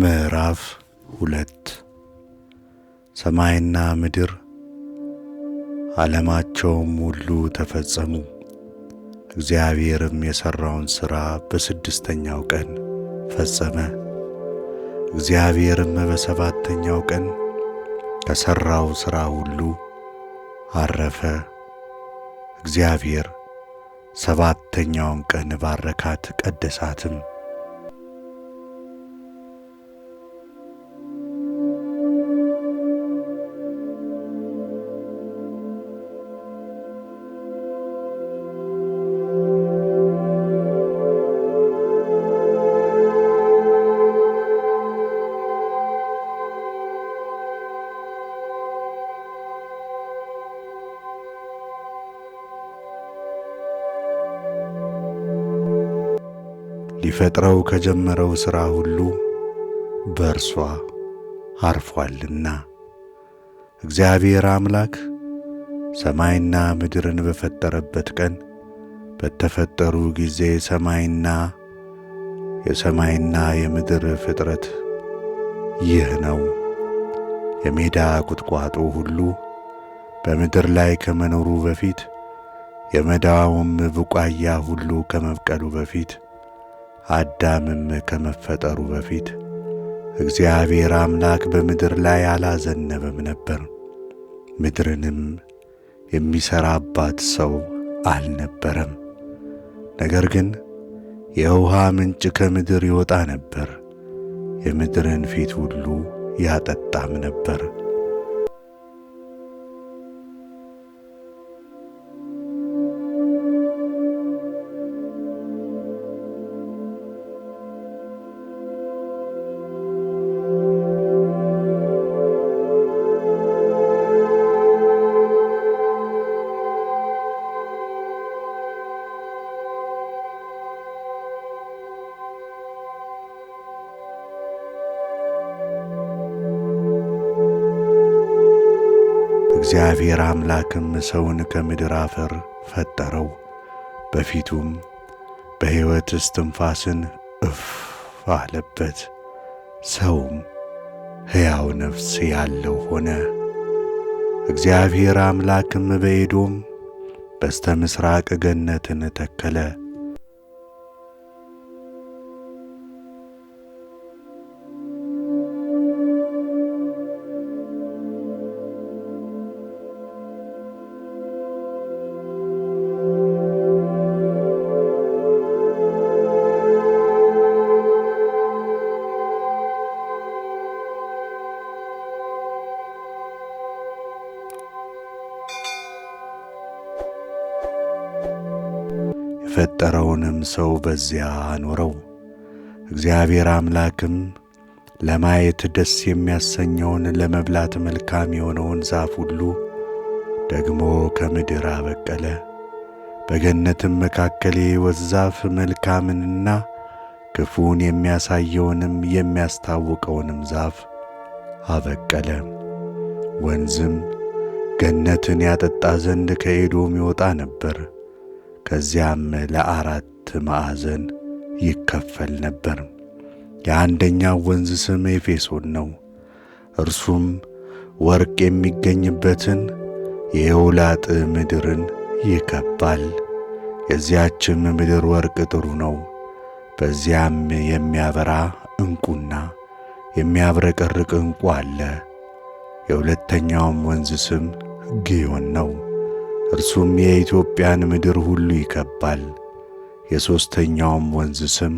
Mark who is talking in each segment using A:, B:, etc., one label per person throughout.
A: ምዕራፍ ሁለት ሰማይና ምድር ዓለማቸውም ሁሉ ተፈጸሙ። እግዚአብሔርም የሠራውን ሥራ በስድስተኛው ቀን ፈጸመ። እግዚአብሔርም በሰባተኛው ቀን ከሠራው ሥራ ሁሉ አረፈ። እግዚአብሔር ሰባተኛውን ቀን ባረካት፣ ቀደሳትም። ሊፈጥረው ከጀመረው ሥራ ሁሉ በእርሷ አርፏልና። እግዚአብሔር አምላክ ሰማይና ምድርን በፈጠረበት ቀን በተፈጠሩ ጊዜ ሰማይና የሰማይና የምድር ፍጥረት ይህ ነው። የሜዳ ቁጥቋጦ ሁሉ በምድር ላይ ከመኖሩ በፊት የመዳውም ቡቃያ ሁሉ ከመብቀሉ በፊት አዳምም ከመፈጠሩ በፊት እግዚአብሔር አምላክ በምድር ላይ አላዘነበም ነበር፣ ምድርንም የሚሠራባት ሰው አልነበረም። ነገር ግን የውሃ ምንጭ ከምድር ይወጣ ነበር፣ የምድርን ፊት ሁሉ ያጠጣም ነበር። እግዚአብሔር አምላክም ሰውን ከምድር አፈር ፈጠረው፣ በፊቱም በሕይወት እስትንፋስን እፍ አለበት። ሰውም ሕያው ነፍስ ያለው ሆነ። እግዚአብሔር አምላክም በኤዶም በስተ ምሥራቅ ገነትን ተከለ። የፈጠረውንም ሰው በዚያ አኖረው። እግዚአብሔር አምላክም ለማየት ደስ የሚያሰኘውን ለመብላት መልካም የሆነውን ዛፍ ሁሉ ደግሞ ከምድር አበቀለ። በገነትም መካከል የሕይወት ዛፍ መልካምንና ክፉን የሚያሳየውንም የሚያስታውቀውንም ዛፍ አበቀለ። ወንዝም ገነትን ያጠጣ ዘንድ ከኤዶም ይወጣ ነበር። ከዚያም ለአራት ማዕዘን ይከፈል ነበር። የአንደኛው ወንዝ ስም ኤፌሶን ነው። እርሱም ወርቅ የሚገኝበትን የኤውላጥ ምድርን ይከባል። የዚያችም ምድር ወርቅ ጥሩ ነው። በዚያም የሚያበራ ዕንቁና የሚያብረቀርቅ ዕንቁ አለ። የሁለተኛውም ወንዝ ስም ግዮን ነው። እርሱም የኢትዮጵያን ምድር ሁሉ ይከባል። የሦስተኛውም ወንዝ ስም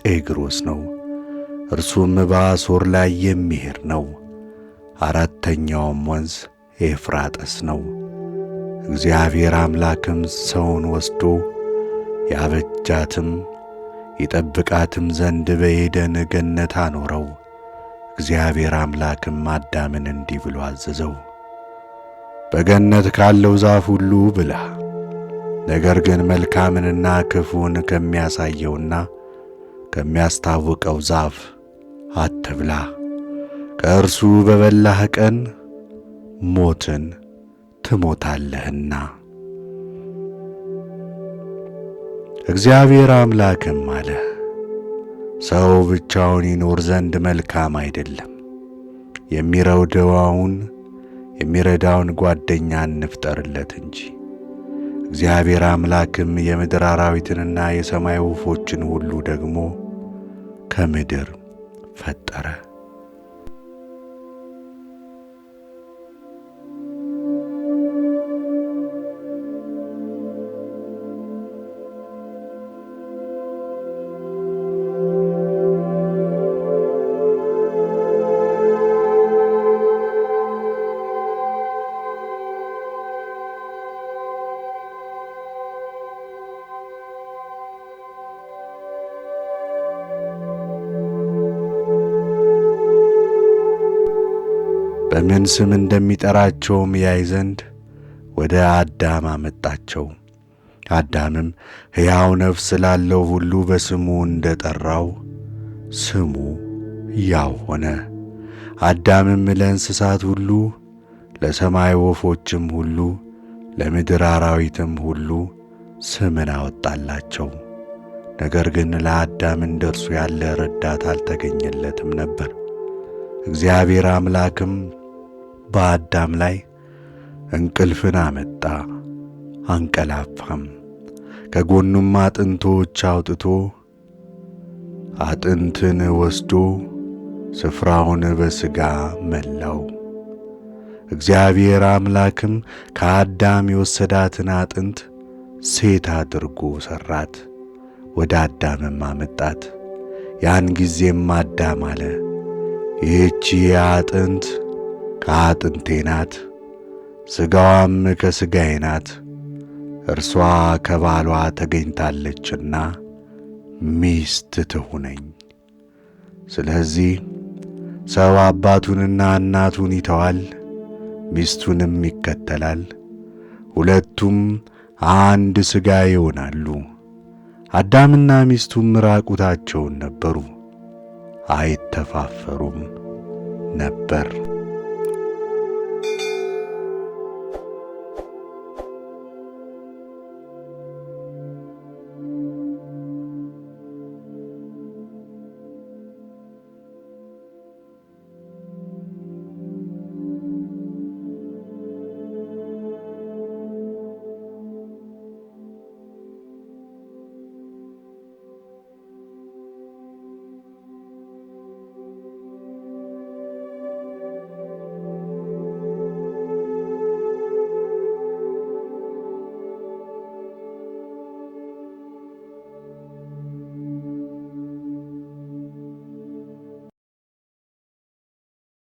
A: ጤግሮስ ነው። እርሱም በአሦር ላይ የሚሄድ ነው። አራተኛውም ወንዝ ኤፍራጠስ ነው። እግዚአብሔር አምላክም ሰውን ወስዶ ያበጃትም ይጠብቃትም ዘንድ በኤደን ገነት አኖረው። እግዚአብሔር አምላክም አዳምን እንዲህ ብሎ አዘዘው፣ በገነት ካለው ዛፍ ሁሉ ብላ፣ ነገር ግን መልካምንና ክፉን ከሚያሳየውና ከሚያስታውቀው ዛፍ አትብላ። ከእርሱ በበላህ ቀን ሞትን ትሞታለህና። እግዚአብሔር አምላክም አለ፣ ሰው ብቻውን ይኖር ዘንድ መልካም አይደለም። የሚረውደዋውን የሚረዳውን ጓደኛ እንፍጠርለት እንጂ። እግዚአብሔር አምላክም የምድር አራዊትንና የሰማይ ወፎችን ሁሉ ደግሞ ከምድር ፈጠረ። በምን ስም እንደሚጠራቸውም ያይ ዘንድ ወደ አዳም አመጣቸው። አዳምም ሕያው ነፍስ ላለው ሁሉ በስሙ እንደ ጠራው ስሙ ያው ሆነ። አዳምም ለእንስሳት ሁሉ፣ ለሰማይ ወፎችም ሁሉ፣ ለምድር አራዊትም ሁሉ ስምን አወጣላቸው። ነገር ግን ለአዳም እንደ እርሱ ያለ ረዳት አልተገኘለትም ነበር። እግዚአብሔር አምላክም በአዳም ላይ እንቅልፍን አመጣ፣ አንቀላፋም። ከጎኑም አጥንቶች አውጥቶ አጥንትን ወስዶ ስፍራውን በሥጋ መላው። እግዚአብሔር አምላክም ከአዳም የወሰዳትን አጥንት ሴት አድርጎ ሠራት፣ ወደ አዳምም አመጣት። ያን ጊዜም አዳም አለ ይህቺ አጥንት ከአጥንቴ ናት፣ ሥጋዋም ከሥጋዬ ናት። እርሷ ከባሏ ተገኝታለችና ሚስት ትሁነኝ። ስለዚህ ሰው አባቱንና እናቱን ይተዋል፣ ሚስቱንም ይከተላል፣ ሁለቱም አንድ ሥጋ ይሆናሉ። አዳምና ሚስቱም ራቁታቸውን ነበሩ፣ አይተፋፈሩም ነበር።